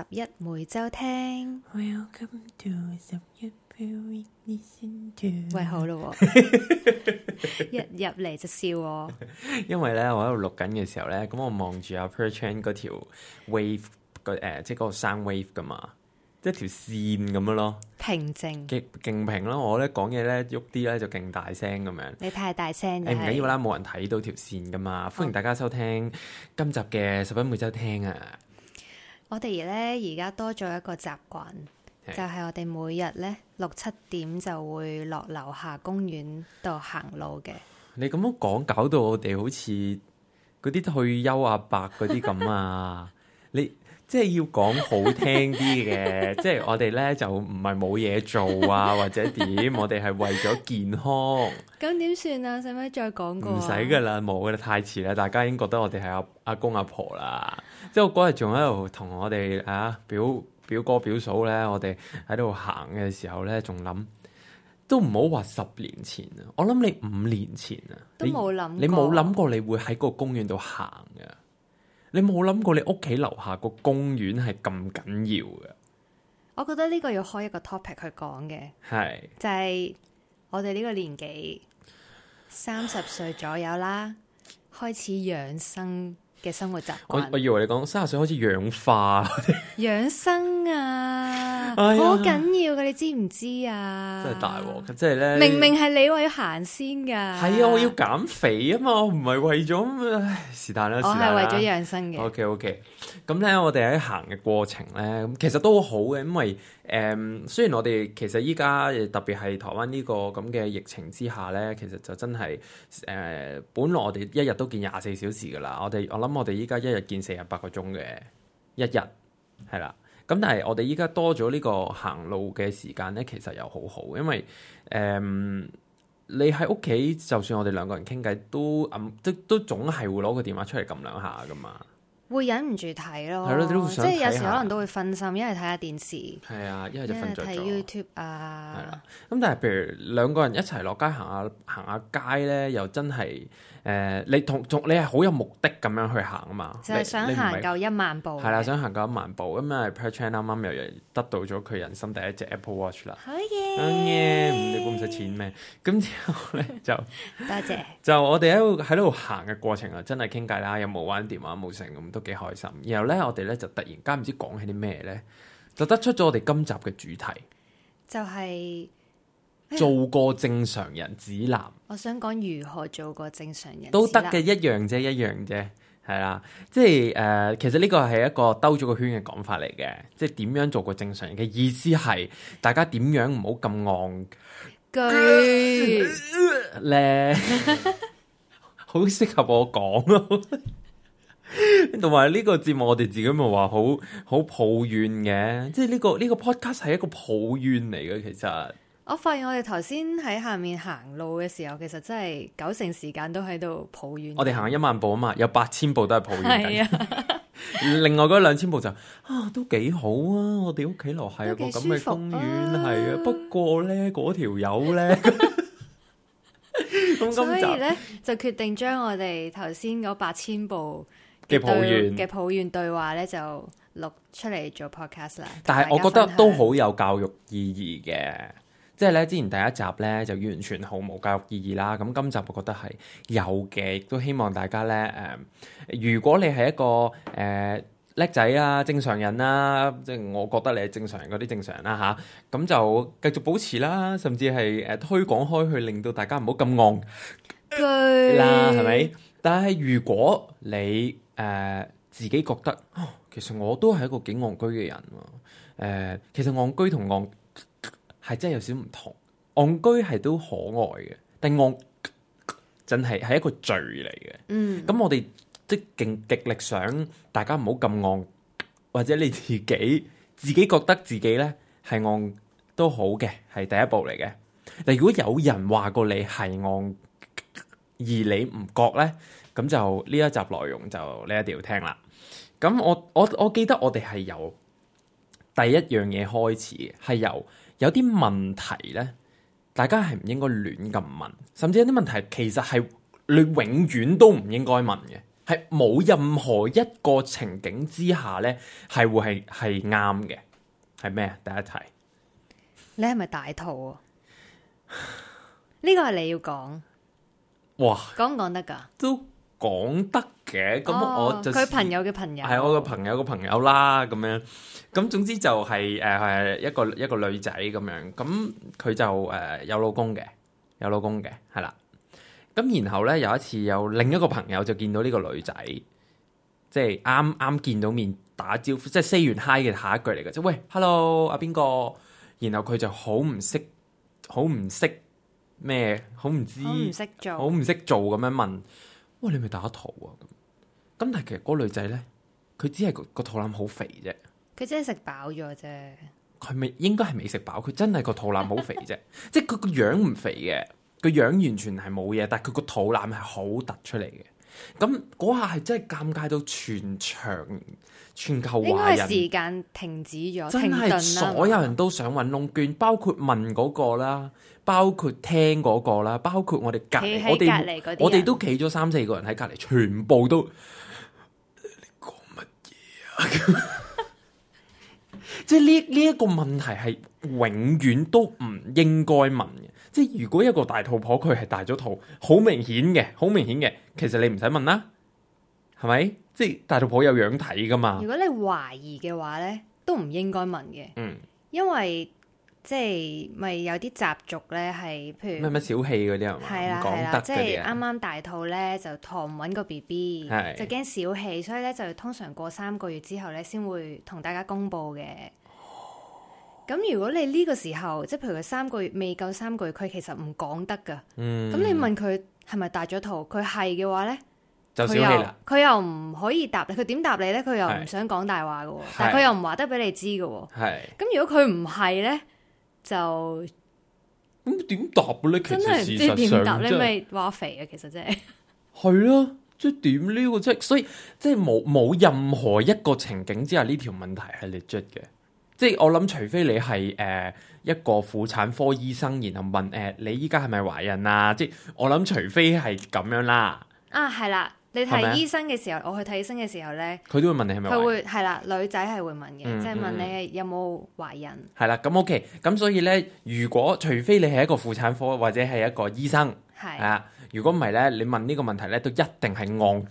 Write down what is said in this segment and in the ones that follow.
十一每週聽，喂好咯，一入嚟就笑我。因為咧，我喺度錄緊嘅時候咧，咁我望住阿 Perchian 嗰條 wave 個誒，即係嗰個聲 wave，噶嘛，即係條線咁樣咯，平靜，極勁平囉。我咧講嘢咧，喐啲咧就勁大聲咁樣。你太大聲，誒唔緊要啦，冇人睇到條線噶嘛。歡迎大家收聽今集嘅十一每週聽啊！我哋咧而家多咗一個習慣，是就係我哋每日咧六七點就會落樓下公園度行路嘅。你咁樣講，搞到我哋好似嗰啲退休阿伯嗰啲咁啊！ 即係要講好聽啲嘅， 即係我哋咧就唔係冇嘢做啊，或者點？我哋係為咗健康。咁點算啊？使唔使再講過？唔使噶啦，冇噶啦，太遲啦！大家已經覺得我哋係阿阿公阿婆啦。即係我嗰日仲喺度同我哋啊表表哥表嫂咧，我哋喺度行嘅時候咧，仲諗都唔好話十年前啊！我諗你五年前啊，都冇諗，你冇諗過你會喺個公園度行噶。你冇諗過你屋企樓下個公園係咁緊要嘅？我覺得呢個要開一個 topic 去講嘅，係是就係我哋呢個年紀三十歲左右啦， 開始養生。嘅生活習慣，我，我以為你講三十歲開始氧化嗰 養生啊，好緊、哎、呀要嘅，你知唔知啊？真係大鑊，真係咧，明明係你話要行先噶，係啊， 我要減肥啊嘛，我唔係為咗，唉，是但啦，我係為咗養生嘅。O K O K，咁咧我哋喺行嘅過程咧，咁其實都好嘅，因為。誒、嗯，雖然我哋其實依家特別係台灣呢個咁嘅疫情之下咧，其實就真係誒、呃，本來我哋一日都見廿四小時噶啦，我哋我諗我哋依家一日見四十八個鐘嘅一日，係啦。咁但係我哋依家多咗呢個行路嘅時間咧，其實又好好，因為誒、呃，你喺屋企就算我哋兩個人傾偈都撳，都、嗯、即都總係會攞個電話出嚟撳兩下噶嘛。會忍唔住睇咯，嗯、看看即係有時可能都會分心，一係睇下電視。係、嗯、啊，一係就瞓着咗。睇 YouTube 啊。係啦。咁但係，譬如兩個人一齊落街行下行下街咧，又真係誒、呃，你同，同你係好有目的咁樣去行啊嘛？就係想行夠一，、啊、一萬步。係啦，想行夠一萬步。咁啊，Patrick 啱啱又得到咗佢人生第一隻 Apple Watch 啦。好嘢！你估唔使錢咩？咁之後咧就多謝。 就我哋喺喺度行嘅過程啊，真係傾偈啦，有冇玩電話，冇成咁都。幾開心，然後咧，我哋咧就突然間唔知講起啲咩咧，就得出咗我哋今集嘅主題，就係、是哎、做個正常人指南。我想講如何做個正、啊呃、個，個做個正常人，都得嘅，一樣啫，一樣啫，係啦，即係誒，其實呢個係一個兜咗個圈嘅講法嚟嘅，即係點樣做個正常人嘅意思係，大家點樣唔好咁戇居居，好適合我講咯。 同埋呢個節目，我哋自己咪話好好抱怨嘅，即係呢、呢個呢、呢個 podcast 係一個抱怨嚟嘅。其實我發現我哋頭先喺下面行路嘅時候，其實真係九成時間都喺度抱怨。我哋行一萬步啊嘛，有八千步都係抱怨、啊、 另外嗰兩千步就啊，都幾好啊！我哋屋企樓係個咁嘅公園，係啊。不過咧，嗰條友咧， 集所以咧就決定將我哋頭先嗰八千步。嘅抱怨嘅抱怨對話咧，就錄出嚟做 podcast 啦。但係我覺得都好有教育意義嘅，即係咧之前第一集咧就完全毫無教育意義啦。咁今集我覺得係有嘅，亦都希望大家咧，誒，如果你係一個誒叻、呃、仔啊、正常人啊，即、就、係、是、我覺得你係正常人嗰啲正常人啦嚇、啊，咁、啊、就繼續保持啦，甚至係誒推廣開去，令到大家唔好咁戇居啦，係咪？但係如果你誒，uh, 自己覺得哦，其實我都係一個幾戇居嘅人啊。誒，uh, 其實戇居同戇係真係有少唔同。戇居係都可愛嘅，但戇真係係一個罪嚟嘅。嗯，咁我哋即係極極力想大家唔好咁戇，或者你自己自己覺得自己咧係戇都好嘅，係第一步嚟嘅。但如果有人話過你係戇，而你唔覺咧。咁就呢一集內容就你一定要聽啦。咁我我我記得我哋係由第一樣嘢開始，係由有啲問題咧，大家係唔應該亂咁問，甚至有啲問題其實係你永遠都唔應該問嘅，係冇任何一個情景之下咧係會係係啱嘅，係咩？第一題，你係咪大肚啊？呢 個係你要講，哇，講唔講得噶都？So 講得嘅咁，哦、我就佢、是、朋友嘅朋友係我個朋友嘅朋友啦。咁樣咁、嗯，總之就係、是、誒、呃、一個一個女仔咁樣咁，佢、嗯、就誒、呃、有老公嘅有老公嘅係啦。咁然後咧有一次有另一個朋友就見到呢個女仔，即係啱啱見到面打招呼，即係 Say 完 Hi 嘅下一句嚟嘅，即：「喂 hello 阿、啊、邊個？」然後佢就好唔識好唔識咩，好唔知好唔識做好唔識做咁樣問。喂，你咪打肚啊！咁但係其實嗰個女仔咧，佢只係個肚腩好肥啫，佢真係食飽咗啫。佢未應該係未食飽，佢真係個肚腩好肥啫。 即係佢個樣唔肥嘅，個樣完全係冇嘢，但係佢個肚腩係好突出嚟嘅。咁嗰下係真係尷尬到全場全球華人時間停止咗，真係的所有人都想揾窿捐，包括問嗰個啦。包括聽嗰個啦，包括我哋隔離我哋隔離，我哋都企咗三四個人喺隔籬，全部都講乜嘢啊！ 即係呢呢一個問題係永遠都唔應該問嘅。即係如果一個大肚婆佢係大咗肚，好明顯嘅，好明顯嘅，其實你唔使問啦，係咪？即係大肚婆有樣睇噶嘛？如果你懷疑嘅話咧，都唔應該問嘅。嗯，因為。即係咪有啲習俗咧？係譬如咩咩小氣嗰啲啊？係啦，係啦，即係啱啱大肚咧，就糖搵個 B B，就係驚小氣，所以咧就通常過三個月之後咧，先會同大家公布嘅。咁如果你呢個時候，即係譬如佢三個月未夠三個月，佢其實唔講得噶。嗯，咁你問佢係咪大咗肚？佢係嘅話咧，就小氣啦。佢又唔可以答你。佢點答你咧？佢又唔想講大話噶，但係佢又唔話得俾你知噶。係咁，如果佢唔係咧？就咁點、嗯、答嘅咧？真的其實事實知答真咪話肥啊，其實真係係 啊，即係點撩嘅即係，所以即係冇冇任何一個情景之下呢條、這個、問題係你出嘅，即係我諗除非你係誒、呃、一個婦產科醫生，然後問誒、呃、你依家係咪懷孕啊？即係我諗除非係咁樣啦啊，係啦。你睇醫生嘅時候，我去睇醫生嘅時候咧，佢都會，會問你係咪，佢會係啦，女仔係會問嘅，即係問你有冇懷孕。係啦、嗯，咁 OK，咁所以咧，如果除非你係一個婦產科或者係一個醫生，係的、嗯、啊，如果唔係咧，你問呢個問題咧，都一定係昂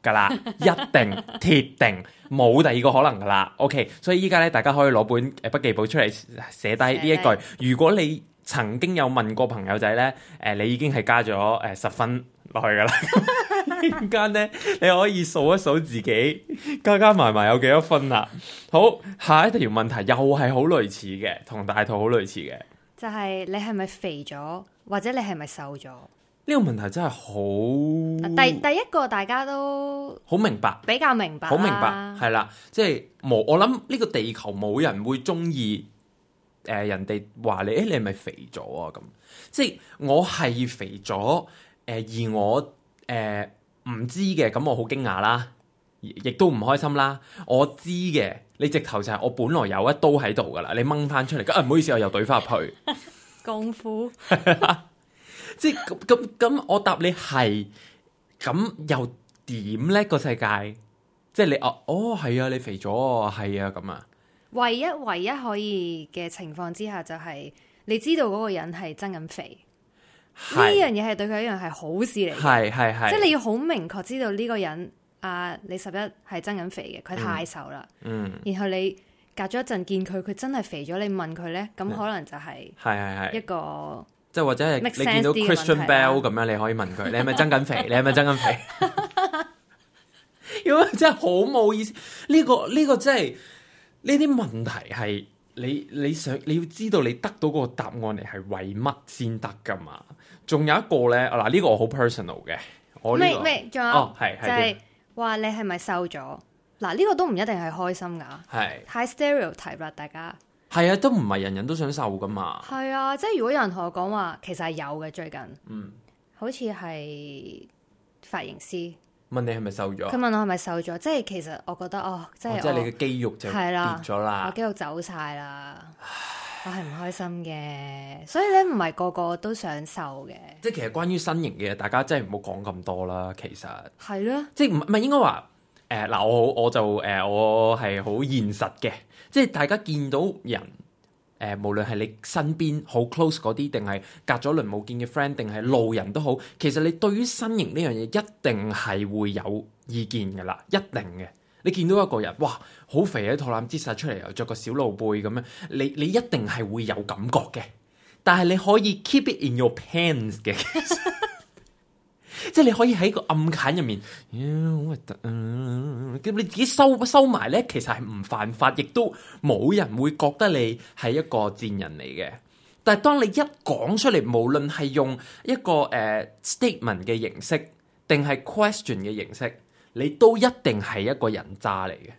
噶啦， 一定鐵定冇第二個可能噶啦。OK、嗯、所以依家咧，大家可以攞本誒筆記簿出嚟寫低呢一句。如果你曾經有問過朋友仔咧，誒、呃，你已經係加咗誒、呃呃、十分落去噶啦。 瞬間咧，你可以數一數自己加加埋埋有幾多分啦、啊。好，下一條問題又係好類似嘅，同大肚好類似嘅，就係你係咪肥咗，或者你係咪瘦咗？呢個問題真係好。第第一個大家都好明白，比較明白、啊，好明白係啦。即係冇，我諗呢個地球冇人會中意誒，人哋話你誒、欸，你係咪肥咗啊？咁即係我係肥咗，誒、呃，而我。誒，唔、呃、知嘅，咁我好驚訝啦，亦都唔開心啦。我知嘅，你直頭就係我本來有一刀喺度噶啦，你掹返出嚟，咁、啊、唔好意思，我又懟翻入去功夫，苦 即係咁咁我答你係，咁又點咧？這個世界，即係你哦，哦係啊，你肥咗，係啊咁啊，唯一唯一可以嘅情況之下就係，你知道嗰個人係真咁肥。呢樣嘢係對佢一樣係好事嚟嘅，係係係，即係你要好明確知道呢個人阿李拾壹係增緊肥嘅，佢太瘦啦，嗯，嗯，然後你隔咗一陣見佢，佢真係肥咗，你問佢咧，咁可能就係係係係一個，即係或者係你見到 Christian, Christian Bell 咁樣，你可以問佢，你係咪增緊肥？ 你係咪增緊肥？如果 真係好冇意思，呢、呢個呢、呢個呢個真係呢啲問題係。你你想你要知道你得到嗰個答案嚟係為乜先得噶嘛？仲有一個咧，嗱呢個我好 personal 嘅，我呢個有有哦係係，即係話你係咪瘦咗？嗱呢個都唔一定係開心噶，係太 stereotype 啦，大家係啊，都唔係人人都想瘦噶嘛，係啊，即係如果有人同我講話，其實係有嘅，最近嗯，好似係髮型師。問你係咪瘦咗？佢問我係咪瘦咗？即係其實我覺得哦，即係、哦、即係你嘅肌肉就跌咗啦，了啊、我肌肉走晒啦，唉 我係唔開心嘅。所以咧，唔係個個都想瘦嘅。即係、嗯、其實關於身形嘅大家真係唔好講咁多啦。其實係咯，呢即係唔唔應該話誒嗱，我好，我就誒、呃、我係好現實嘅，即係大家見到人。誒、呃，無論係你身邊好 close 嗰啲，定係隔咗輪冇見嘅 friend，定係路人都好，其實你對於身形呢樣嘢一定係會有意見嘅啦，一定嘅。你見到一個人，哇，好肥啊，肚腩之勢殺出嚟，又着個小露背咁樣，你你一定係會有感覺嘅。但係你可以 keep it in your pants 嘅。 即係你可以喺個暗間入面，你自己收收埋咧，其實係唔犯法，亦都冇人會覺得你係一個賤人嚟嘅。但係當你一講出嚟，無論係用一個誒、uh, statement 嘅形式，定係 question 嘅形式，你都一定係一個人渣嚟嘅。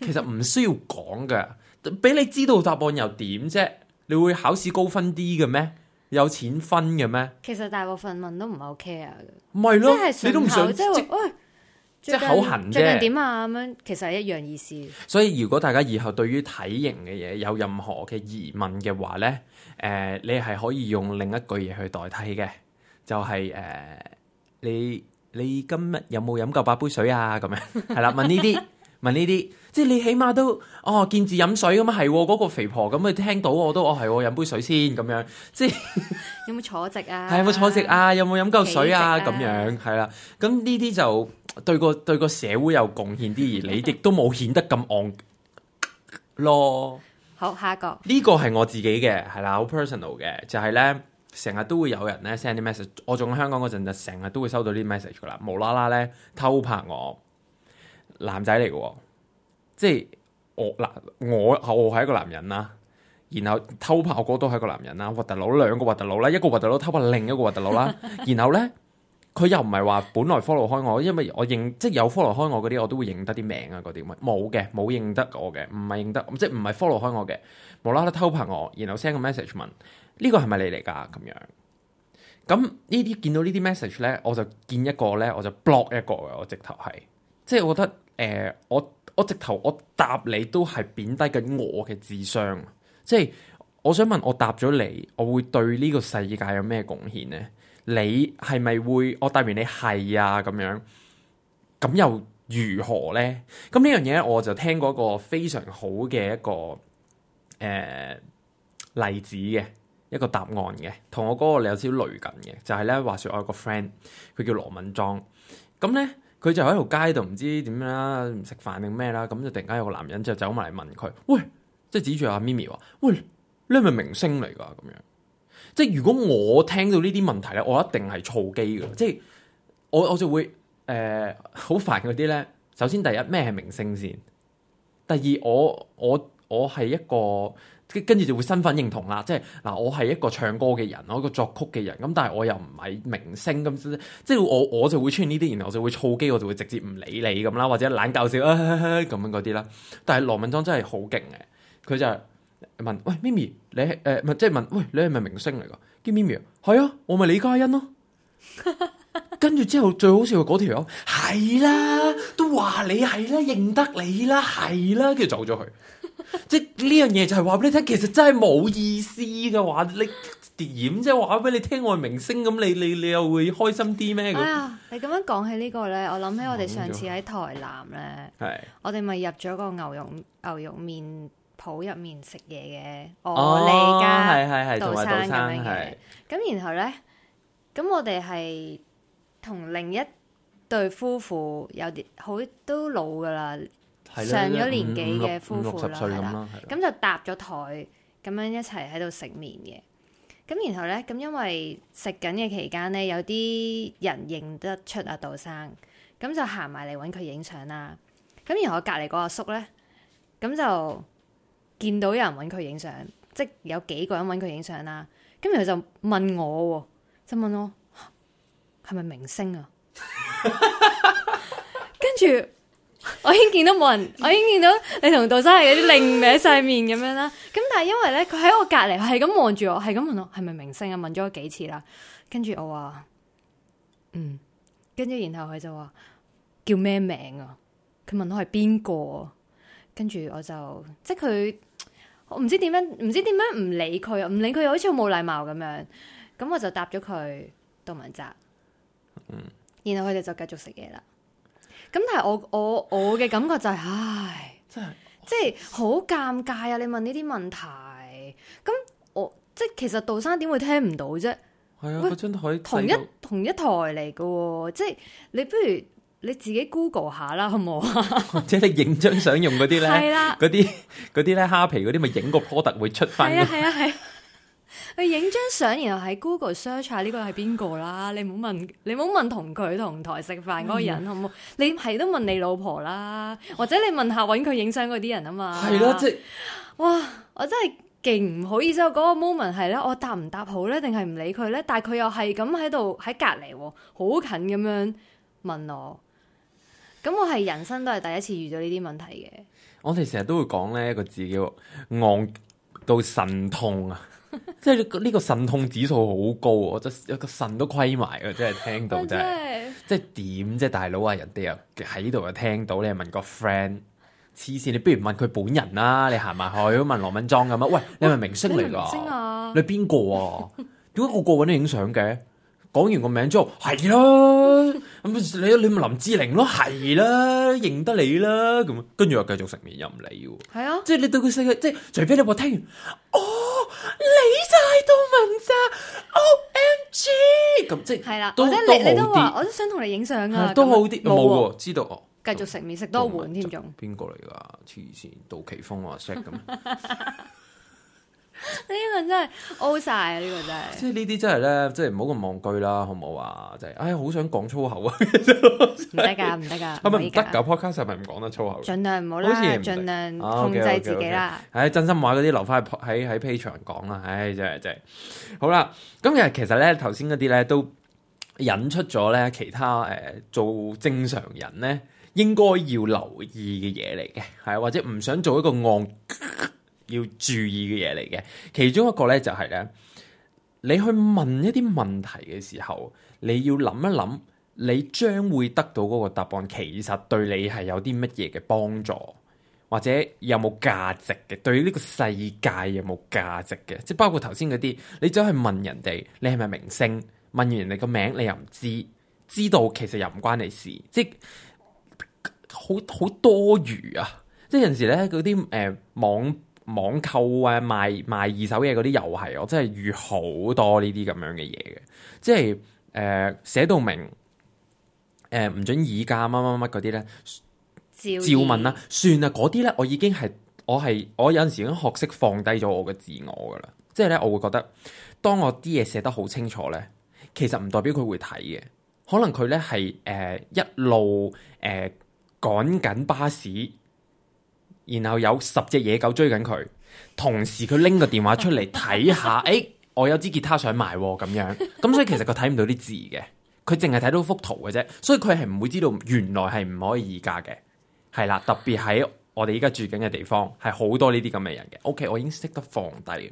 其實唔需要講㗎，俾你知道答案又點啫？你會考試高分啲嘅咩？有錢分嘅咩？其實大部分問都唔係好 care 嘅，你都唔想即係喂、哎、近即口痕，即最近點啊咁樣，其實係一樣意思。所以如果大家以後對於體型嘅嘢有任何嘅疑問嘅話咧，誒、呃，你係可以用另一句嘢去代替嘅，就係、是、誒、呃、你你今日有冇飲夠八杯水啊？咁樣係啦，問呢啲問呢啲。即係你起碼都哦見字飲水咁、嗯、啊係嗰、嗰個肥婆咁啊、嗯、聽到我都哦係我飲杯水先咁樣，即係有冇坐直啊？係冇坐直啊 有冇飲夠水啊咁樣係啦，咁呢啲就對個對個社會貢獻 有貢獻啲，而你亦都冇顯得咁戇咯。好，下一個呢個係我自己嘅係啦，好 personal 嘅就係咧，成日都會有人咧 send 啲 message 我，仲喺香港嗰陣就成日都會收到啲 message 噶啦，無啦啦咧偷拍我男仔嚟嘅。即係我男，我我係一個男人啦。然後偷拍我個都係一個男人啦。核突佬兩個核突佬啦，一個核突佬偷拍另一個核突佬啦。然後咧，佢又唔係話本來 follow 開我，因為我認即係有 follow 開我嗰啲，我都會認得啲名啊，嗰啲冇嘅，冇認得我嘅，唔係認，認得，即係唔係 follow 開我嘅，無啦啦偷拍我，然後 send 個 message 問呢、這個係咪你嚟㗎咁樣？咁呢啲見到呢啲 message 咧，我就見一個咧，我就 block 一個嘅，我直頭係，即係我覺得。誒、呃，我我直頭我答你都係貶低緊我嘅智商，即係我想問我答咗你，我會對呢個世界有咩貢獻呢？你係咪會我答完你係啊？咁樣咁又如何呢？咁呢樣嘢咧，我就聽過一個非常好嘅一個誒、呃、例子嘅一個答案嘅，同我嗰個你有少少雷緊嘅，就係、是、呢話説我有個 friend，佢叫羅敏莊，咁呢。佢就喺條街度唔知點樣啦，唔食飯定咩啦，咁就突然間有個男人就走埋嚟問佢，喂，即係指住阿咪咪話，喂，你係咪明星嚟噶？咁樣，即係如果我聽到呢啲問題咧，我一定係燥機噶，即係我我就會誒好煩嗰啲咧。首先第一咩係明星先，第二我我我係一個。跟住就會身份認同啦，即係嗱，我係一個唱歌嘅人，我一個作曲嘅人，咁但係我又唔係明星咁，即係我我就會穿呢啲，然後我就會燥機，我就會直接唔理你咁啦，或者懶搞笑咁、啊、樣嗰啲啦。但係羅文莊真係好勁嘅，佢就問：喂，咪咪，你係誒？唔、呃、即係問：喂，你係咪明星嚟噶？叫咪咪係啊，我咪李嘉欣咯。 跟住之後最好笑嗰條友，係啦，都話你係啦，認得你啦，係啦，跟住走咗去。 即呢樣嘢，就係話俾你聽，其實真係冇意思嘅，話你，你點即係話俾你聽我係明星咁，你你你又會開心啲咩？ 哎呀，你咁樣講起呢個咧，我諗起我哋上次喺台南咧， 的我哋咪入咗個牛肉牛肉麵店鋪入面食嘢嘅，哦，哋家係係係杜生咁樣嘅，咁的然後咧，咁我哋係同另一對夫婦有啲好都老噶啦。上咗年紀嘅夫婦啦，係啦，咁了的、嗯、就搭咗台咁樣一齊喺度食麵嘅。咁然後咧，咁因為食緊嘅期間咧，有啲人認得出阿杜生，咁、嗯、就行埋嚟揾佢影相啦。咁、嗯、然後我隔籬嗰阿叔咧，咁、嗯、就見到有人揾佢影相，即有幾個人揾佢影相啦。咁然後就問我，哦、就問我係咪、啊、明星啊？跟住。我已經見到冇人，我已經見到你同杜生係嗰啲擰歪晒面咁樣啦。咁 但係因為咧，佢喺我隔籬，係咁望住我，係咁問我係咪明星啊？問咗我幾次啦，跟住我話嗯，跟住然後佢就話叫咩名啊？佢問我係邊個？跟住我就即係佢，我唔知點樣，唔知點樣唔理佢，唔理佢又好似好冇禮貌咁樣。咁我就答咗佢杜汶澤，嗯，然後佢哋就繼續食嘢啦。咁但係我我我嘅感覺就係、是，唉，真係是，即係好尷尬啊！你問呢啲問題，咁我即係其實杜生點會聽唔到啫？係啊、哎呀，張會台同一同一台嚟嘅、哦，即係你不如你自己 Google 下啦，好唔好？ 即係你影張相用嗰啲咧，嗰啲嗰啲咧蝦皮嗰啲咪影個 product 會出翻。係啊係啊係。去影張相，然後喺 Google search 下呢個係邊個啦。你唔好問，你唔好問同佢同台食飯嗰個人，嗯、好唔好？你係都問你老婆啦，或者你問下揾佢影相嗰啲人啊嘛。係啦的，啊、即係哇，我真係勁唔好意思，我嗰個 moment 係咧，我答唔答好呢定係唔理佢呢？但係佢又係咁喺度喺隔籬，好近咁樣問我。咁我係人生都係第一次遇到呢啲問題嘅。我哋成日都會講呢一個字叫戇到神痛啊！ 即係呢個腎痛指數好高，我個腎都虧埋啊！真係聽到真係，即係點即係大佬啊！人哋又喺度啊，聽到，你又問個 friend，黐線！你不如問佢本人啦，你行埋去問羅文莊咁啊！喂，你係咪明星嚟個？你邊個啊？點解 我個個搵你影相嘅？講完個名之後，係啦，咁你你林志玲咯，係啦，認得你啦，咁跟住又繼續食麵又唔理，係啊！即係你對佢細個，即係除非你話聽完哦。知咁即係啦，或者你你都話，我都想同你影相啊，都好啲冇喎，知道哦。繼續食麵，食多碗添仲。邊個嚟噶黐線？杜琪峰啊，啊識咁 樣。 呢個真係 O 晒啊！呢、這個真係 即係呢啲真係咧，即係唔好咁忘句啦，好唔好啊？即係唉，好、哎、想講粗口啊，唔得噶，唔得噶，係咪唔得噶？Podcast 係咪唔講得粗口？盡量唔好啦，好似盡量控制自己啦。唉、啊 okay, okay, okay. 哎，真心話嗰啲留翻喺喺 Patreon 講啦。唉、哎，真係真係。好啦，咁其實其實咧，頭先嗰啲咧都引出咗咧其他誒、呃、做正常人咧應該要留意嘅嘢嚟嘅，係或者唔想做一個戇。呃要注意嘅嘢嚟嘅，其中一個咧就係咧，你去問一啲問題嘅時候，你要諗一諗，你將會得到嗰個答案，其實對你係有啲乜嘢嘅幫助，或者有冇價值嘅？對於呢個世界有冇價值嘅？即係包括頭先嗰啲，你走去問人哋，你係咪明星？問完人哋個名，你又唔知，知道其實又唔關你事，即係好好多餘啊！即係有陣時咧，嗰啲誒網。網購或者賣二手嘢嗰啲，又係我真係遇好多呢啲咁樣嘅嘢嘅，即係誒、呃、寫到明誒唔、呃、准議價乜乜乜嗰啲咧，照，意照問啦、啊，算啦嗰啲咧，我已經係我係我有陣時已經學識放低咗我嘅自我噶啦，即係咧我會覺得，當我啲嘢寫得好清楚咧，其實唔代表佢會睇嘅，可能佢咧係誒一路誒、呃、趕緊巴士。然後有十隻野狗追緊佢，同時佢拎個電話出嚟睇下，誒、 哎，我有支吉他想買喎、啊，咁樣，咁所以其實佢睇唔到啲字嘅，佢淨係睇到幅圖嘅啫，所以佢係唔會知道原來係唔可以議價嘅，係啦，特別喺我哋依家住緊嘅地方係好多呢啲咁嘅人嘅。OK，我已經識得放低，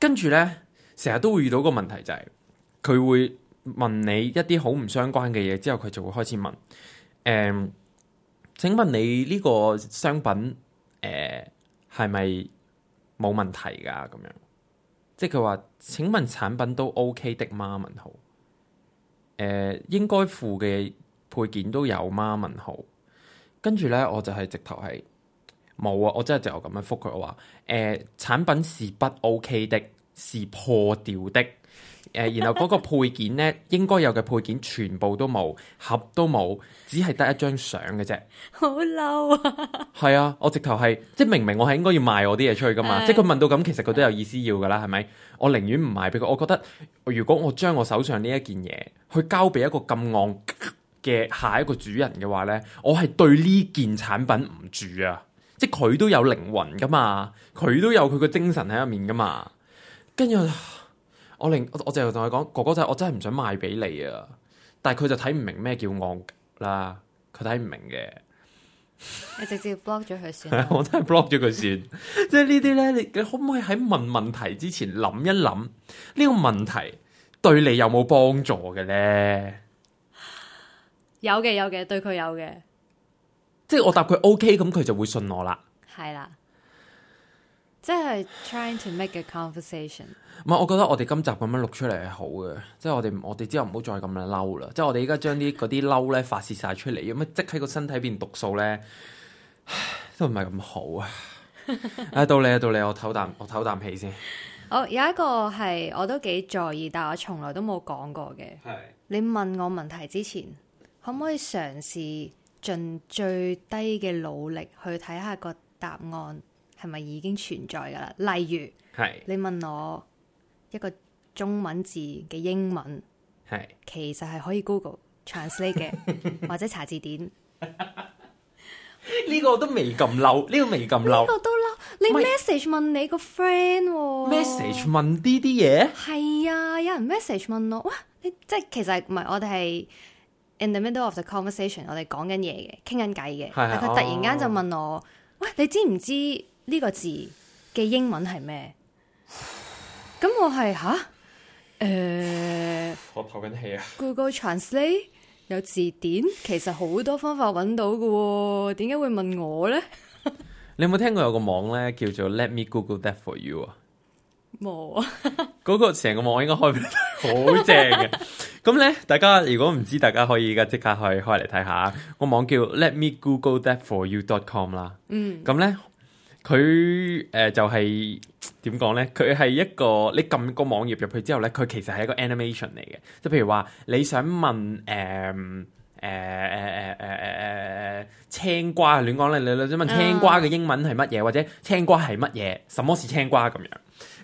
跟住呢，成日都會遇到個問題就係、是、佢會問你一啲好唔相關嘅嘢，之後佢就會開始問，誒、嗯。請問你呢個商品誒係咪冇問題噶？咁樣即係佢話，請問產品都 OK 的嗎？問號誒，應該附嘅配件都有嗎？問號。跟住咧，我就係直頭係冇啊。我真係直頭咁樣覆佢，我話誒、呃，產品是不 OK 的，是破掉的。誒，uh, 然後嗰個配件咧， 應該有嘅配件全部都冇，盒都冇，只係得一張相嘅啫。好嬲啊！係啊，我直頭係，即係明明我係應該要賣我啲嘢出去噶嘛， 即係佢問到咁，其實佢都有意思要噶啦，係咪？我寧願唔賣俾佢，我覺得如果我將我手上呢一件嘢去交俾一個咁昂嘅下一個主人嘅話咧，我係對呢件產品唔住啊！即係佢都有靈魂噶嘛，佢都有佢個精神喺入面噶嘛，跟住。我另我淨係同佢講哥哥仔，我真係唔想賣俾你啊！但係佢就睇唔明咩叫戇啦，佢睇唔明嘅。你直接 block 咗佢先。 我真係 block 咗佢先。 即係呢啲咧，你你可唔可以喺問問題之前諗一諗呢、這個問題對你有冇幫助嘅咧？有嘅有嘅，對佢有嘅。即係我答佢 OK，咁、嗯、佢就會信我啦。係啦，即係 trying to make a conversation。唔係，我覺得我哋今集咁樣錄出嚟係好嘅，即係我哋我哋之後唔好再咁樣嬲啦，即係我哋而家將啲嗰啲嬲咧發泄晒出嚟，咁樣即喺個身體入邊毒素咧都唔係咁好啊！啊、 哎，到你啊，到你，我唞啖我唞啖氣先。我一、oh, 有一個係我都幾在意，但我從來都冇講過嘅。係 Yes. 你問我問題之前，可唔可以嘗試盡最低嘅努力去睇下個答案係咪已經存在㗎啦？例如係 Yes. 你問我。一個中文字嘅英文，係是其實係可以 Google translate 嘅， 或者查字典。呢 個都未咁嬲，呢個未咁嬲，呢個都嬲。你 message 問你個 friend，message 問呢啲嘢？係是啊，有人 message 問我，哇！你即係其實唔係我哋係 in the middle of the conversation，我哋講緊嘢嘅，傾緊偈嘅，的但佢突然間就問我，哦、喂，你知唔知呢個字嘅英文係咩？咁我係吓，誒，我透緊氣啊，Google Translate 有字典，其實好多方法揾到噶，點解會問我咧？你有冇聽過有個網咧叫做 Let Me Google That For You 啊？冇啊，嗰個成個網應該開得好正嘅。咁咧，大家如果唔知，大家可以而家即刻去開嚟睇下。個網叫 Let Me Google That For You.com 啦。嗯，咁咧。佢誒、呃、就係點講咧？佢係一個你撳個網頁入去之後咧，佢其實係一個 animation 嚟嘅。即譬如話，你想問誒誒誒誒誒誒誒誒青瓜亂講咧，你你想問青瓜嘅英文係乜嘢，或者青瓜係乜嘢，什麼是青瓜咁樣？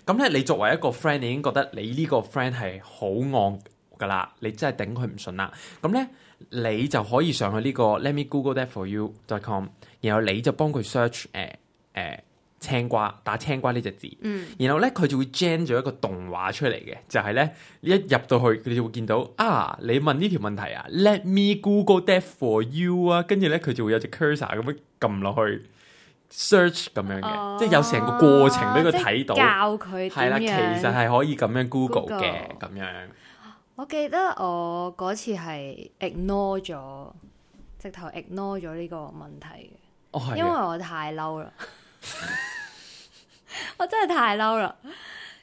咁咧，你作為一個 friend，你已經覺得你呢個 friend 係好戇㗎喇，你真係頂佢唔順啦。咁咧，你就可以上去呢、這個 let me google that for you dot com，然後你就幫佢 search 誒、呃。誒、呃，青瓜打青瓜呢隻字，嗯、然後咧佢就會 gen 咗一個動畫出嚟嘅，就係、是、咧一入到去，佢就會見到啊，你問呢條問題啊，Let me Google that for you 啊，跟住咧佢就會有隻 cursor 咁樣撳落去 search 咁樣嘅，哦、即係有成個過程俾佢睇到，教佢係啦，其實係可以咁樣 Go Google 嘅，咁樣。我記得我嗰次係 ignore 咗，直頭 ignore 咗呢個問題嘅，哦係，啊、因為我太嬲啦。 我真係太嬲啦！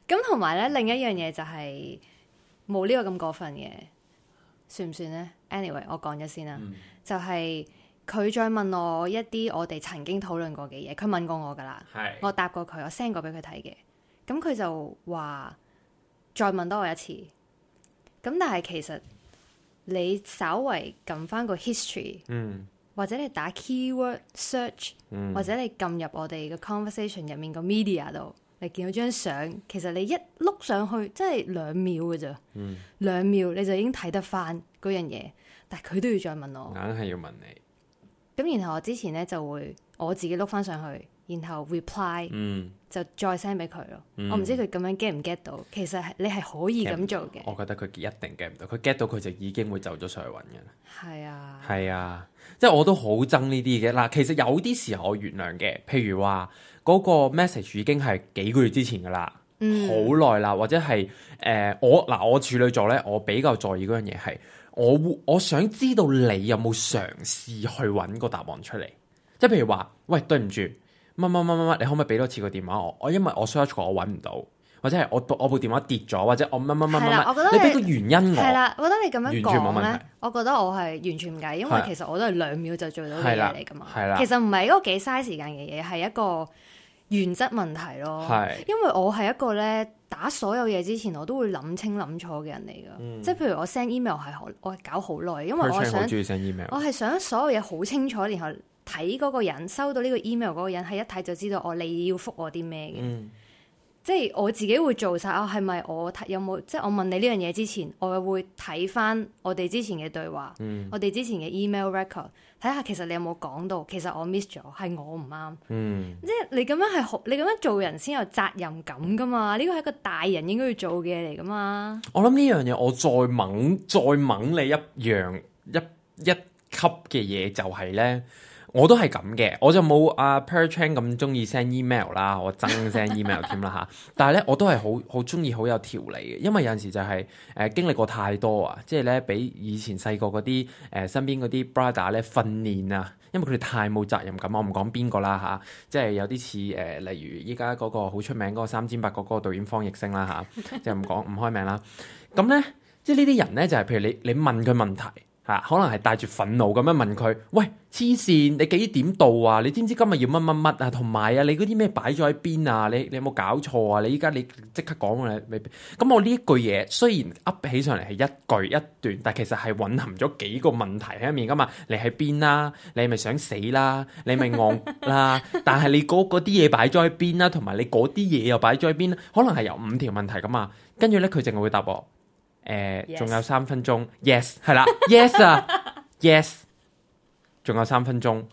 咁同埋咧，另一樣嘢就係冇呢個咁過分嘅，算唔算呢？Anyway，我講咗先啦，嗯、就係佢再問我一啲我哋曾經討論過嘅嘢，佢問過我噶啦，是我答過佢，我 send 過俾佢睇嘅，咁佢就話再問多我一次。咁但係其實你稍微撳翻個 history，、嗯或者你打 keyword search，、嗯、或者你撳入我哋嘅 conversation 入面個 media 度，你見到張相，其實你一碌上去，即係兩秒嘅咋，嗯、兩秒你就已經睇得翻嗰樣嘢，但佢都要再問我，硬係要問你。咁然後我之前呢就會我自己碌翻上去，然後 reply、嗯。就再 send 俾佢咯，嗯、我唔知佢咁樣 get 唔 get 到。其實你係可以咁做嘅。我覺得佢一定 get 唔到，佢 get 到佢就已經會走咗上去揾嘅啦。係啊，係啊，即係我都好憎呢啲嘅。嗱，其實有啲時候我原諒嘅，譬如話嗰、嗰個 message 已經係幾個月之前噶啦，好耐啦，或者係誒、呃，我嗱我處女座咧，我比較在意嗰樣嘢係，我會我想知道你有冇嘗試去揾個答案出嚟，即係譬如話，喂，對唔住。乜乜乜乜乜，你可唔可以俾多次個電話我？我因為我 search 過，我搵唔到，或者係我我部電話跌咗，或者我乜乜乜乜，我覺得你俾個原因我。係啦，我覺得你咁樣講咧，我覺得我係完全唔計，因為其實我都係兩秒就做到嘢嚟噶嘛。係啦，其實唔係一個幾嘥時間嘅嘢，係一個原則問題咯。係的，因為我係一個咧打所有嘢之前，我都會諗清諗楚嘅人嚟噶。嗯，即係譬如我 send email 係好，我係搞好耐，因為我想 Per 我係想所有嘢好清楚，然後。睇嗰個人收到呢個 email 嗰個人係一睇就知道，哦，你要覆我啲咩嘅？嗯、即係我自己會做晒啊。係、哦、咪我睇有冇？即係我問你呢樣嘢之前，我又會睇翻我哋之前嘅對話，嗯、我哋之前嘅 email record，睇下其實你有冇講到？其實我 miss 咗，係我唔啱。嗯，即係你咁樣係好，你咁樣做人先有責任感噶嘛？呢個係一個大人應該要做嘅嘢嚟噶嘛？我諗呢樣嘢，我再猛再猛你一樣一一,一,一級嘅嘢就係、是、咧。我都係咁嘅，我就冇阿 Percheng 咁中意 send email 啦，我憎 send email 添啦嚇。但係咧，我都係好好中意好有條理嘅，因為有陣時就係、是、誒、呃、經歷過太多啊，即係咧俾以前細個嗰啲誒身邊嗰啲 brother 咧訓練啊，因為佢哋太冇責任感，我唔講邊個啦吓，即係有啲似誒，例如依家嗰個好出名嗰個三尖八角嗰個導演方亦星啦嚇、啊，就唔講唔開名啦。咁咧，即係呢啲人咧就係譬如你你問佢問題。啊，可能係帶住憤怒咁樣問佢，喂，黐線，你幾點到啊？你知唔知今日要乜乜乜啊？同埋啊，你嗰啲咩擺咗喺邊啊？你你有冇搞錯啊？你依家你即刻講啊！咁我呢一句嘢雖然噏起上嚟係一句一段，但其實係混含咗幾個問題喺入面噶嘛。你喺邊啦？你咪想死啦、啊？你咪戇啦？ 但係你嗰啲嘢擺咗喺邊啦？同埋你嗰啲嘢又擺咗喺邊？可能係有五條問題噶嘛。跟住咧，佢淨係會答我。誒，仲、呃、Yes. 有三分鐘，yes 係啦 ，yes 啊，yes，仲有三分鐘，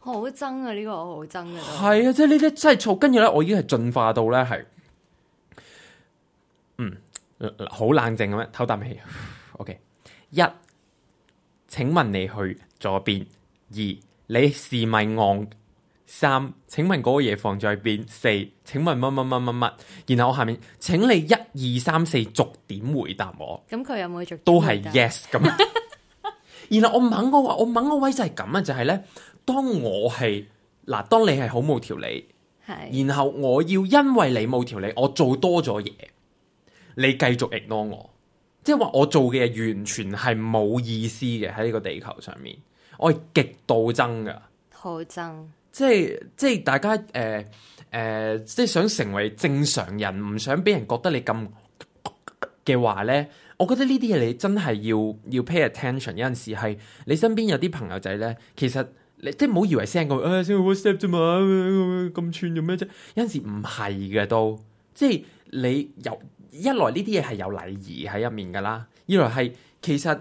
好憎啊，呢個我好憎啊，係、這個、啊，即係、啊、呢啲真係嘈。跟住咧，我已經係進化到咧係，嗯，好冷靜咁樣，唞啖氣 ，ok，一，請問你去咗邊，二，你是咪按？三，請問嗰個嘢放在邊？四，請問乜乜乜乜乜？然後我下面，請你一二三四逐點回答我。咁佢有冇逐都係 yes 咁。 然後我掹個位，我掹個位就係咁啊，就係、是、咧，當我係嗱，當你係好冇條理，是然後我要因為你冇條理，我做多咗嘢，你繼續 ignore 我，即係話我做嘅嘢完全係冇意思嘅喺呢個地球上面，我係極度憎噶，好憎。即係即係大家誒誒、呃呃，即係想成為正常人，唔想俾人覺得你咁嘅話咧，我覺得呢啲嘢你真係要要 pay attention 有。有陣時係你身邊有啲朋友仔咧，其實你即係唔好以為 send 個誒，先 WhatsApp 啫嘛，咁串做咩啫？有陣時唔係嘅都，即係你由一來呢啲嘢係有禮儀喺入面噶啦，二來係其實。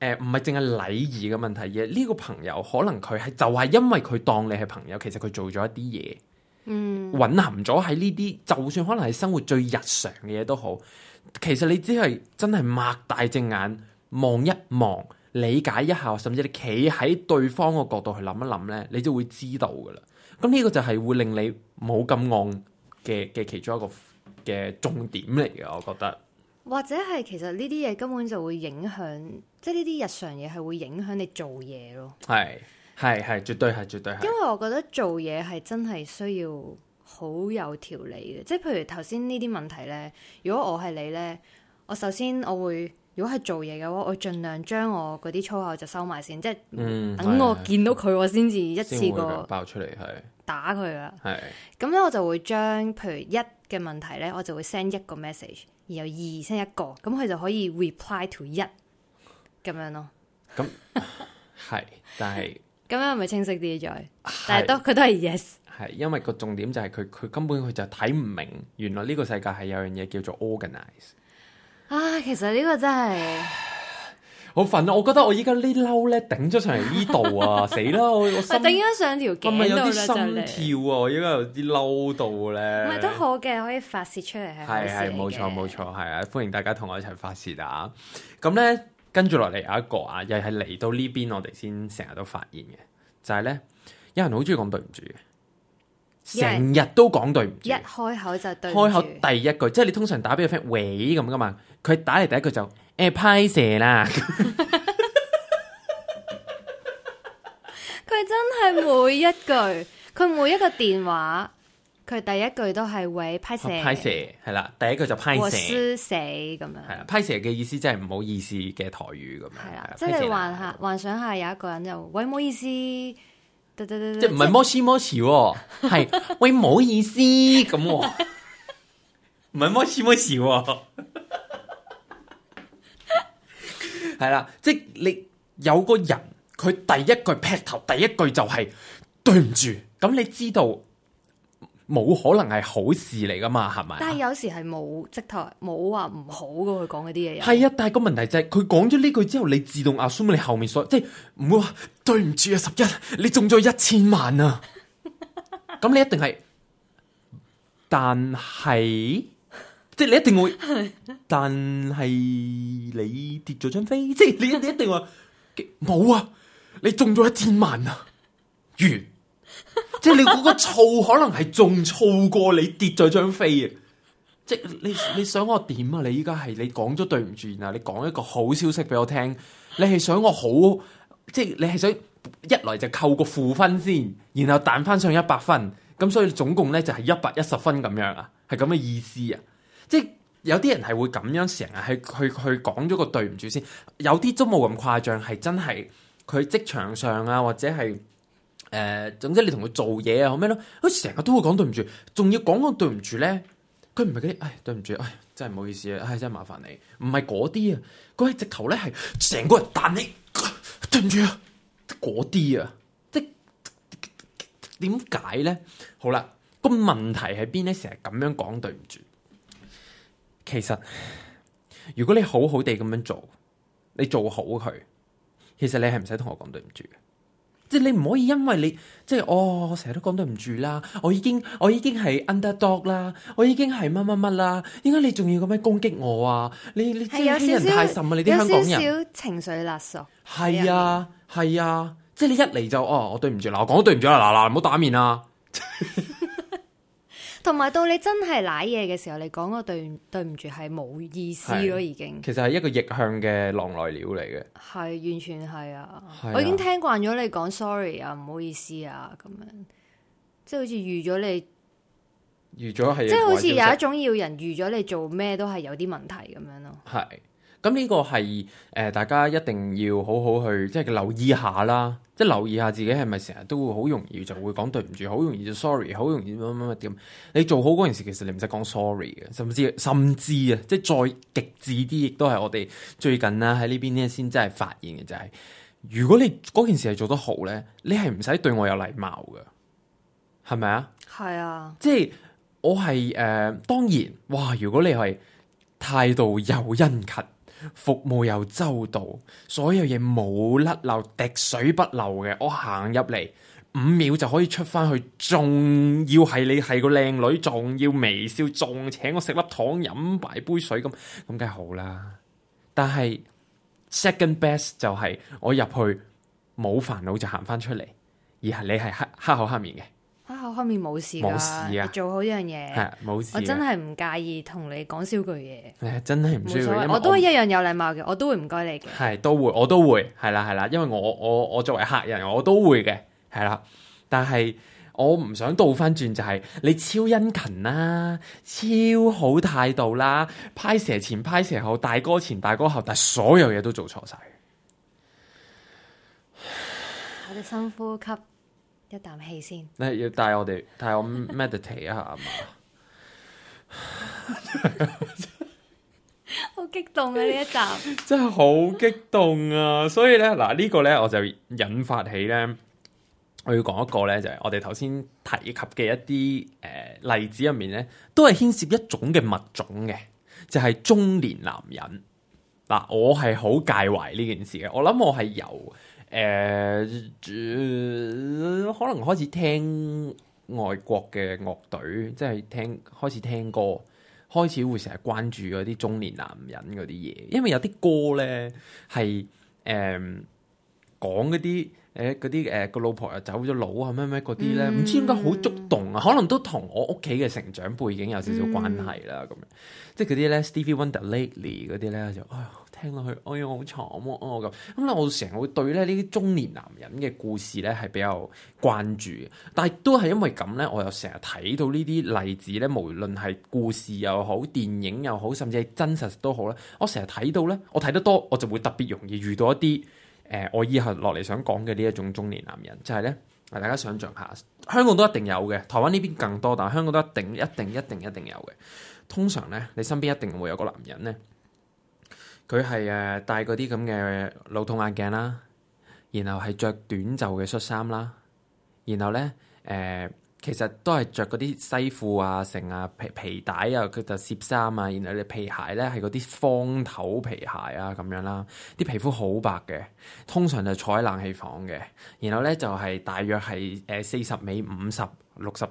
誒唔係淨係禮儀嘅問題嘅，呢個朋友可能佢係就係因為佢當你係朋友，其實佢做咗一啲嘢，嗯，混含咗喺呢啲，就算可能係生活最日常嘅嘢都好，其實你只係真係擘大隻眼望一望，理解一下，甚至你企喺對方個角度去諗一諗咧，你就會知道噶啦。咁呢個就係會令你冇咁戇嘅嘅其中一個嘅重點嚟嘅，我覺得。或者係其實呢啲嘢根本就會影響。即係呢啲日常嘢係會影響你做嘢咯，係係係，絕對係絕對係。因為我覺得做嘢係真係需要好有條理嘅，即係譬如頭先呢啲問題咧。如果我係你咧，我首先我會如果係做嘢嘅話，我盡量將我嗰啲粗口就收埋先，即係、嗯、等我見到佢，的我先至一次過爆出嚟係打佢他啦。係咁咧，我就會將譬如一嘅問題咧，我就會 send 一個 message，然後二 send 一個，咁佢就可以 reply to 一。咁樣咯，咁 係，但係咁樣係咪清晰啲再，對但係都佢都係 yes，係因為個重點就係佢佢根本佢就睇唔明，原來呢個世界係有樣嘢叫做 organize。啊，其實呢個真係好煩啊！我覺得我依家呢嬲咧頂咗上嚟呢度啊， 死啦！我 O teams 我頂咗上條頸度咧，心跳啊！我依家有啲嬲到咧，唔係都好嘅，可以發泄出嚟係係冇錯冇錯係啊！歡迎大家同我一齊發泄啊！咁咧。跟住落嚟有一個啊，又係嚟到呢邊，我哋先成日都發現嘅，就係咧，有人好中意講對唔住嘅，成日都講對唔住。一開口就對，開口第一句，即係你通常打俾個 friend 喂咁噶嘛，佢打嚟第一句就誒派蛇啦，佢 真係每一句，佢每一個電話。佢第一句都係喂，拍蛇，拍蛇係啦。第一句就拍蛇，我輸死咁樣。係啊，拍蛇嘅意思即係唔好意思嘅台語咁樣。係啦，即係幻想幻想下，有一個人就「喂唔好意思，即唔係摩斯摩斯，係喂唔好意思咁，唔係摩斯摩斯，係啦。即係你有個人，佢第一句劈頭第一句就係對唔住，咁你知道。冇可能係好事嚟噶嘛，係咪？但係有時係冇，即係，冇話唔好噶佢講嗰啲嘢。係啊，但係個問題就係佢講咗呢句之後，你自動 assume 你後面所，即係唔會話對唔住啊十一，11，你中咗一千萬啊！咁 你一定係，但係即係你一定會， 但係你跌咗張飛，即係你你一定話冇啊！你中咗一千萬啊！完。 即係你嗰個醋可能係仲醋過你跌咗張飛啊！即係你你想我點啊？你依家係你講咗對唔住啊，然後你講一個好消息俾我聽，你係想我好？即係你係想一來就扣個負分先，然後彈翻上一百分，咁所以總共咧就係一百一十分咁樣啊？係咁嘅意思啊？即係有啲人係會咁樣成日去去去講咗個對唔住先，有啲都冇咁誇張，係真係佢職場上啊或者係。誒、呃，總之你同佢做嘢啊，好咩咯？佢成日都會講對唔住，仲要講個對唔住咧，佢唔係嗰啲，哎，對唔住，哎，真係唔好意思啊，哎真係麻煩你，唔係嗰啲啊，佢係直頭咧係成個人彈你對唔住啊，嗰啲啊，即係點解咧？好啦，個問題喺邊咧？成日咁樣講對唔住，其實如果你好好地咁樣做，你做好佢，其實你係唔使同我講對唔住嘅。即係你唔可以因為你即係哦，我成日都講對唔住啦，我已經我已經係 underdog 啦，我已經係乜乜乜啦，點解你仲要咁樣攻擊我啊？你你即係欺人太甚啊，你啲香港人，有少少情緒勒索。係啊係啊,啊，即係你一嚟就哦，我對唔住啦，我講對唔住啦嗱嗱，唔好打面啊！ 同埋到你真係瀨嘢嘅時候，你講個對對唔住係冇意思咯，已經。其實係一個逆向嘅狼來了嚟嘅。係完全係啊！的我已經聽慣咗你講 sorry 啊，唔好意思啊，咁樣，即係好似預咗你預咗係，即係好似有一種要人預咗你做咩都係有啲問題咁樣咯。係，咁呢個係誒、呃，大家一定要好好去即係留意下啦。即留意下自己係咪成日都會好容易就會講對唔住，好容易就 sorry，好容易乜乜乜點？你做好嗰件事，其實你唔使講 sorry 嘅，甚至甚至啊，即係再極致啲，亦都係我哋最近啦喺呢邊呢先真係發現嘅就係，如果你嗰件事係做得好咧，你係唔使對我有禮貌嘅，係咪啊？係啊，即係我係誒，當然，哇！如果你係態度又殷勤，.服務又周到，所有嘢冇甩漏，滴水不漏嘅。我行入嚟五秒就可以出翻去，仲要係你係個靚女，仲要微笑，仲請我食粒糖飲埋杯水咁，咁梗係好啦。但係 second best 就係、是、我入去冇煩惱就行翻出嚟，而係你係黑，黑口黑面嘅。啊，後面冇事冇事㗎，做好一樣嘢，冇事。事我真係唔介意同你講少句嘢，哎，真係唔需要，我，我都係一樣有禮貌嘅，我都會唔該你嘅。係都會，我都會，係啦係啦，因為我我我作為客人，我都會嘅，係啦。但係我唔想倒翻轉就係、是、你超殷勤啦，超好態度啦，拍蛇前拍蛇後，大哥前大哥後，但係所有嘢都做錯晒。我哋深呼吸。一啖氣先，你要帶我哋帶我 meditate 一下啊嘛？好激動啊！呢一集真係好激動啊！所以咧，嗱、這個、呢個咧，我就引發起咧，我要講一個咧，就係、是、我哋頭先提及嘅一啲誒、呃、例子入面咧，都係牽涉一種嘅物種嘅，就係、是、中年男人。嗱，我係好介懷呢件事嘅，我諗我係由……誒、呃呃，可能開始聽外國嘅樂隊，即係聽開始聽歌，開始會成日關注嗰啲中年男人嗰啲嘢，因為有啲歌咧係誒講嗰啲誒啲誒個老婆又走咗佬啊咩咩嗰啲咧，唔知點解好觸動啊！可能都同我屋企嘅成長背景有少少關係啦，咁、嗯、樣即係嗰啲咧，Stevie Wonder Lately 嗰啲咧就、哎聽落去，哎喲，好慘啊咁。咁、哦、咧、嗯，我成日會對咧呢啲中年男人嘅故事咧，係比較關注嘅。但係都係因為咁咧，我又成日睇到呢啲例子咧，無論係故事又好，電影又好，甚至係真實都好咧。我成日睇到咧，我睇得多，我就會特別容易遇到一啲，誒、呃，我以後落嚟想講嘅呢一種中年男人，就係、是、咧，大家想象下，香港都一定有嘅，台灣呢邊更多，但係香港都一定一定一定一定有嘅。通常咧，你身邊一定會有個男人咧。佢係誒戴嗰啲咁嘅老痛眼鏡啦，然後係着短袖嘅恤衫啦，然後咧誒、呃、其實都係着嗰啲西褲啊、成啊皮皮帶啊，佢就攝衫啊，然後你皮鞋咧係嗰啲方頭皮鞋啊，咁樣啦、啊，啲皮膚好白嘅，通常就坐喺冷氣房嘅，然後咧就係、是、大約係誒四十尾、五十、六十。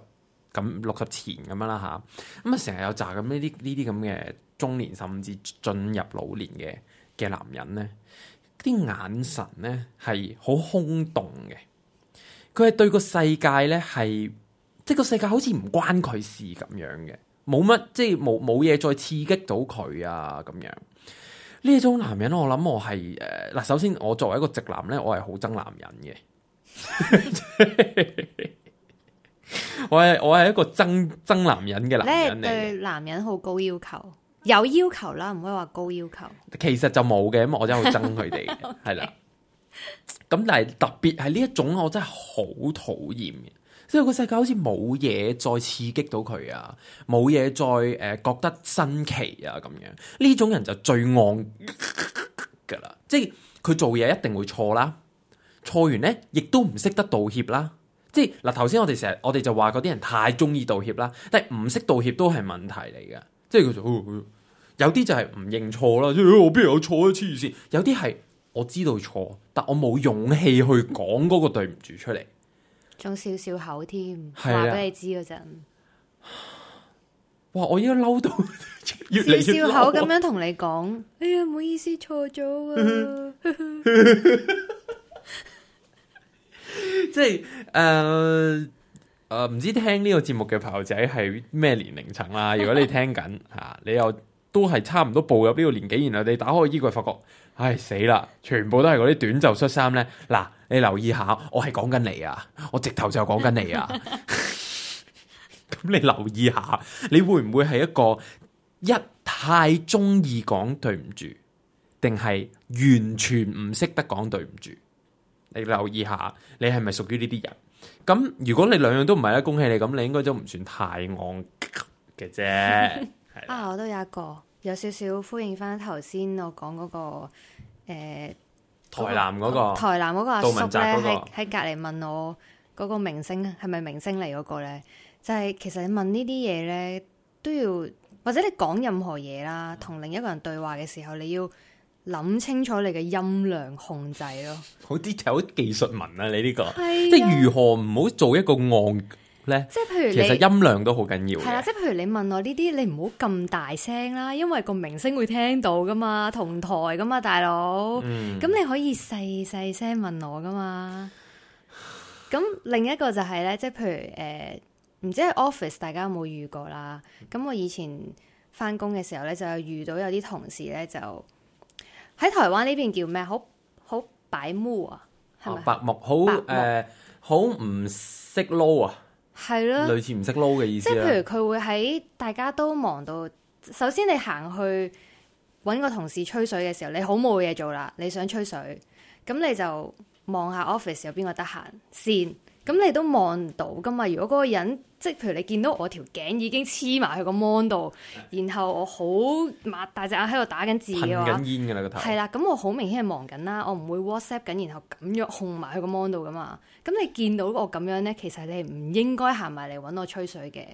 咁六十前咁樣啦吓，咁啊成日、嗯、有紮咁呢啲呢啲咁嘅中年甚至進入老年嘅嘅男人咧，啲眼神咧係好空洞嘅，佢係對個世界咧係即係個世界好似唔關佢事咁樣嘅，冇乜即係冇冇嘢再刺激到佢啊咁樣，呢一種男人我我，我諗我係誒嗱，首先我作為一個直男咧，我係好憎男人嘅。 我係我係一個憎憎男人嘅男人嚟嘅，對男人好高要求，有要求啦，唔可以話高要求。其實就冇嘅，因為我真係好憎佢哋，係啦 Okay.。咁但係特別係呢一種，我真係好討厭嘅，即係個世界好似冇嘢再刺激到佢啊，冇嘢再誒、呃、覺得新奇啊，咁樣呢種人就最戇噶啦，即係佢做嘢一定會錯啦，錯完咧亦都唔識得道歉啦。即係嗱，頭先我哋成日我哋就話嗰啲人太中意道歉啦，但係唔識道歉都係問題嚟㗎。即係佢就，有啲就係唔認錯咯，即、欸、係我邊有錯啊？黐線！有啲係我知道錯，但我冇勇氣去講嗰個對唔住出嚟，仲笑笑口添，話俾、啊、你知嗰陣。哇！我依家嬲到少笑,笑口咁樣同你講，哎呀，唔好意思，錯咗啊！ 即係誒誒，唔、呃呃、知聽呢個節目嘅朋友仔係咩年齡層啦？如果你聽緊吓、 啊，你又都係差唔多步入呢個年紀，然後你打開衣櫃發覺，唉死啦，全部都係嗰啲短袖恤衫咧。嗱、啊，你留意下，我係講緊你啊，我直頭就講緊你啊。咁 你留意下，你會唔會係一個一太中意講對唔住，定係完全唔識得講對唔住？你留意下，你係咪屬於呢啲人？咁如果你兩樣都唔係咧，恭喜你，咁你應該都唔算太昂嘅啫。 的啊，我都有一個，有少少呼應翻頭先我講嗰、那個誒，欸那個、台南嗰、那個台南嗰個阿叔咧，喺隔籬問我嗰個明星係咪明星嚟嗰個咧？就係、是、其實你問呢啲嘢咧，都要或者你講任何嘢啦，同另一個人對話嘅時候，你要。諗清楚你嘅音量控制咯，好啲就好技術文啊！你呢個，即係如何唔好做一個昂？咧？即係譬如，其實音量都好緊要嘅。係啦，即係譬如你問我呢啲，你唔好咁大聲啦，因為個明星會聽到噶嘛，同台噶嘛，大佬。咁你可以細細聲問我噶嘛。咁另一個就係咧，即係譬如誒，唔知係 office 大家有冇遇過啦？咁我以前翻工嘅時候咧，就有遇到有啲同事咧就。喺台灣呢邊叫咩？好好擺木啊，係咪啊？白目好誒，好唔識撈啊，係咯，啊，類似唔識撈嘅意思。即係譬如佢會喺大家都忙到，首先你行去搵個同事吹水嘅時候，你好冇嘢做啦，你想吹水，咁你就望下 office 有邊個得閒先。咁你都望唔到噶嘛？如果嗰個人即係譬如你見到我條頸已經黐埋去個 mon 度，然後我好擘大隻眼喺度打緊字嘅話，係啦，咁我好明顯係忙緊啦，我唔會 WhatsApp 緊，然後咁樣控埋去個 mon 度噶嘛。咁你見到我咁樣咧，其實你唔應該行埋嚟揾我吹水嘅。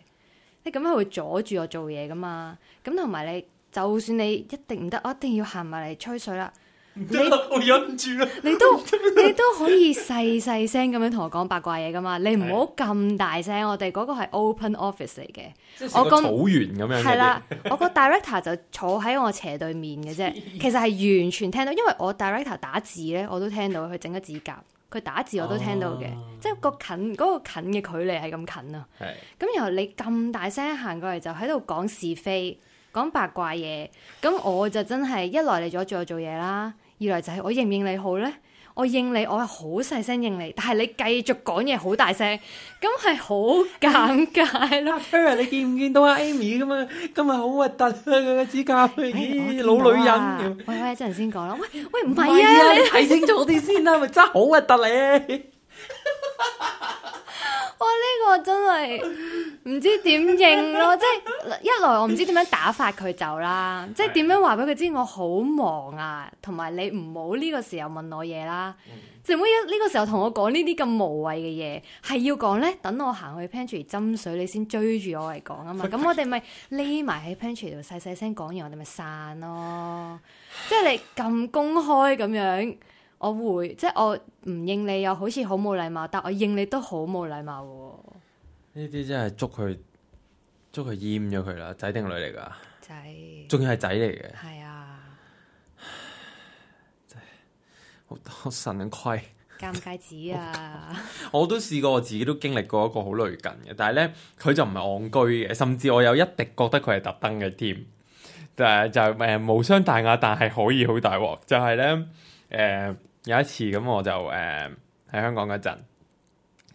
你咁樣會阻住我做嘢噶嘛？咁同埋你，就算你一定唔得，我一定要行埋嚟吹水啦。.我忍唔住啊， 你都你都可以細細聲咁樣同我講八卦嘢噶嘛，你唔好咁大聲，我哋嗰個係 open office 嚟嘅，即係草原咁樣。係啦，我個 director 就坐喺我斜對面嘅啫，其實係完全聽到，因為我 director 打字咧，我都聽到佢整咗指甲，佢打字我都聽到嘅，哦、即係個近嗰、嗰個近嘅距離係咁近啊。係咁的，然後你咁大聲行過嚟就喺度講是非，講八卦嘢，咁我就真係一來你阻住我做嘢啦。 二來，就係我應唔應你好咧？我應你，我係好細聲應你，但係你繼續講嘢好大聲，咁係好尷尬咯。Eva，你見唔見到阿 Amy 咁啊？今日好核突啊！佢嘅指甲，咦，老女人。喂喂，一陣先講啦。喂喂，唔係啊，啊你睇清楚啲先啦，啊，咪 真係好核突你。 哇這個，我呢個真係唔知點應咯， 即係一來我唔知點樣打發佢走啦， 即係點樣話俾佢知我好忙啊，同埋你唔好呢個時候問我嘢啦，做乜呢個時候同我講呢啲咁無謂嘅嘢，係要講咧等我行去 Pantry 斟水，你先追住我嚟講啊嘛，咁 我哋咪匿埋喺 Pantry 度細細聲講完，我哋咪散咯，即係你咁公開咁樣。我會即係我唔應你，又好似好冇禮貌，但係我應你都好冇禮貌喎。呢啲真係捉佢捉佢，閹咗佢啦。仔定女嚟㗎？仔子，仲要係仔嚟嘅。係啊，真係好多神規，尷尬至啊！ 我都試過，我自己都經歷過一個好累緊嘅，但係咧佢就唔係戇居嘅，甚至我有一滴覺得佢係特登嘅添。就係、就誒、係呃、無傷大雅，但係可以好大鑊，就係、係、咧。誒、uh, 有一次咁我就誒喺、uh, 香港嗰陣，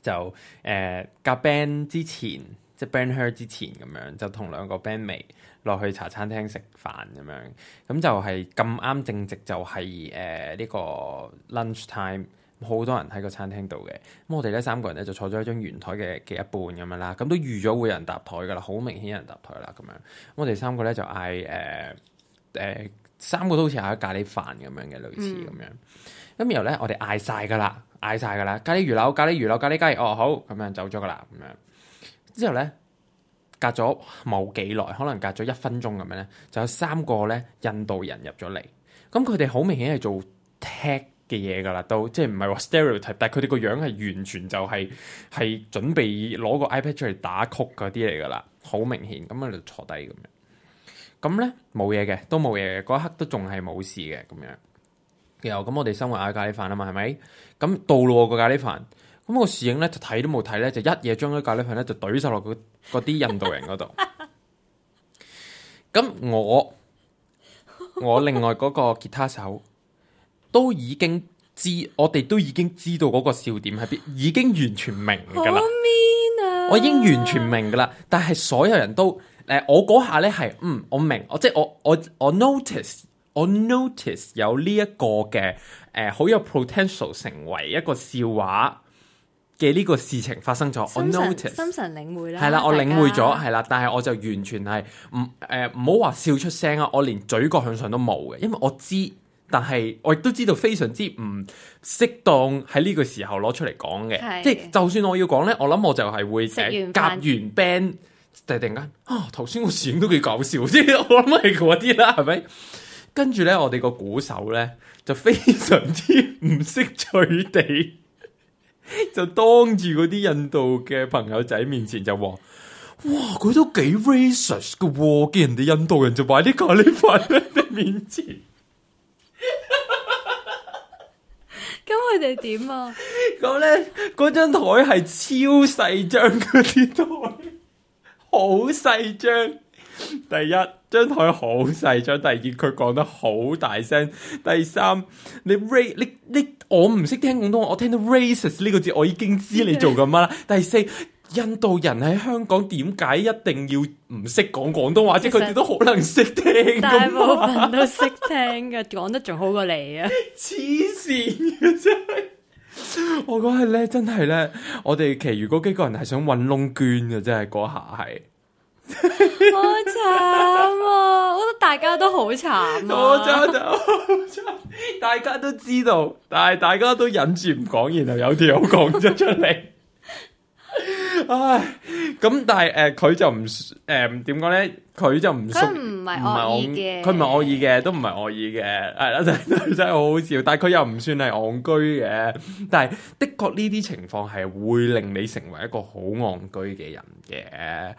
就誒、uh, 夾 band 之前，即、就、係、是、band her 之前咁樣，就同兩個 band 妹落去茶餐廳食飯咁樣，咁就係咁啱正值就係誒呢個 lunch time，好多人喺個餐廳度嘅，咁我哋咧三個人咧就坐咗一張圓枱嘅嘅一半咁樣啦，咁都預咗會有人搭枱㗎喇，好明顯有人搭枱啦咁樣，咁我哋三個咧就嗌誒誒。Uh, uh, 三個都好似係啲咖喱飯咁樣嘅，類似咁樣。咁、嗯、然後咧，我哋嗌晒噶啦，嗌晒噶啦，咖喱魚柳、咖喱魚柳、咖喱雞，哦好，咁樣走咗噶啦，咁樣。之後咧，隔咗冇幾耐，可能隔咗一分鐘咁樣咧，就有三個咧印度人入咗嚟。咁佢哋好明顯係做 tech 嘅嘢噶啦，都即係唔係話 stereotype，但係佢哋個樣係完全就係、係、係準備攞個 iPad 出嚟打曲嗰啲嚟噶啦，好明顯。咁佢就坐低咁樣。咁呢，冇嘢嘅，都冇嘢嘅，嗰一刻都仲係冇事嘅咁樣。又咁我哋生活喺咖喱飯啊嘛，係咪？咁到咯個咖喱飯，咁個侍應呢就睇都冇睇呢，就一嘢將啲咖喱飯呢就懟晒落嗰啲印度人嗰度。咁 我我另外嗰個吉他手都已經知，我哋都已經知道嗰個笑點喺邊，已經完全明噶啦。 我已經完全明噶啦，但係所有人都。誒、呃，我嗰下咧係，嗯，我明，我即係我我我 notice，我 notice 有呢一個嘅誒，好、呃、有 potential 成為一個笑話嘅呢個事情發生咗，我神 I notice，心神領會啦，係啦，我領會咗，係啦家，但係我就完全係唔誒，唔好話笑出聲啊，我連嘴角向上都冇嘅，因為我知，但係我亦都知道非常之唔適當喺呢個時候攞出嚟講嘅，的即係就算我要講咧，我諗我就係會食完夾完 band 突然間，啊！頭先個攝影都幾搞笑，即係， 我諗係嗰啲啦，係咪？跟住咧，我哋個鼓手咧就非常之唔識趣地， 就當住嗰啲印度嘅朋友仔面前就話：哇，佢都幾 racist 嘅喎，哦，見人哋印度人就擺啲咖喱粉喺佢面前。咁佢哋點啊？咁咧， 嗰張台係超細張嗰啲台。 好細張，第一張台好細張，第二佢講得好大聲，第三你 r a d 呢呢，我唔識聽廣東話，我聽到 racist 呢個字，我已經知你做咁啦。 第四印度人喺香港點解一定要唔識講廣東話， 即係佢哋都好能識聽嘛。 大部分都識聽嘅，講得仲好過你啊！黐線嘅真係。我嗰日咧真係咧，我哋其餘嗰幾個人係想搵窿捐嘅，真係嗰下係 好慘、啊、我覺得大家都好慘、啊，好慘，好慘，大家都知道，但係大家都忍住唔講，然後有條好講咗出嚟。 唉，咁但係誒，佢、呃、就唔誒，點講咧？佢就唔屬唔係惡意嘅，佢唔係惡意嘅，都唔係惡意嘅，係啦， 真係真係好好笑。但係佢又唔算係戇居嘅，但係的確呢啲情況係會令你成為一個好戇居嘅人嘅。唉，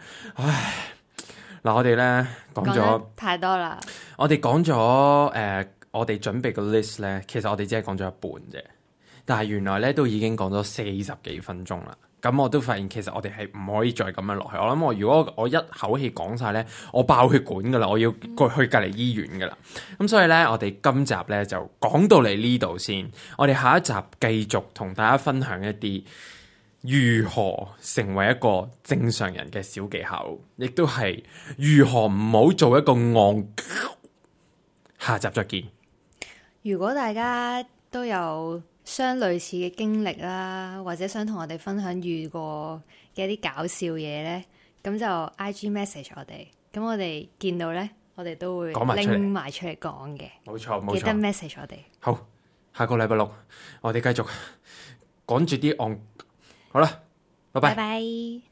嗱、呃，我哋咧講咗太多啦、呃。我哋講咗誒，我哋準備個 list 咧，其實我哋只係講咗一半啫，但係原來咧都已經講咗四十幾分鐘啦。咁我都發現，其實我哋係唔可以再咁樣落去。我諗我如果我一口氣講晒呢，我爆血管㗎喇，我要過去隔離醫院㗎喇。咁所以呢，我哋今集呢就講到嚟呢度先。我哋下一集繼續同大家分享一啲如何成為一個正常人嘅小技巧，亦都係如何唔好做一個昂。下集再見。如果大家都有相類似嘅經歷啦，或者想同我哋分享遇過嘅一啲搞笑嘢咧，咁就 IG message 我哋，咁我哋見到咧，我哋都會拎埋出嚟講嘅。冇錯，冇錯。記得 message 我哋。好，下個禮拜六我哋繼續講住啲 on。好啦，拜拜。Bye bye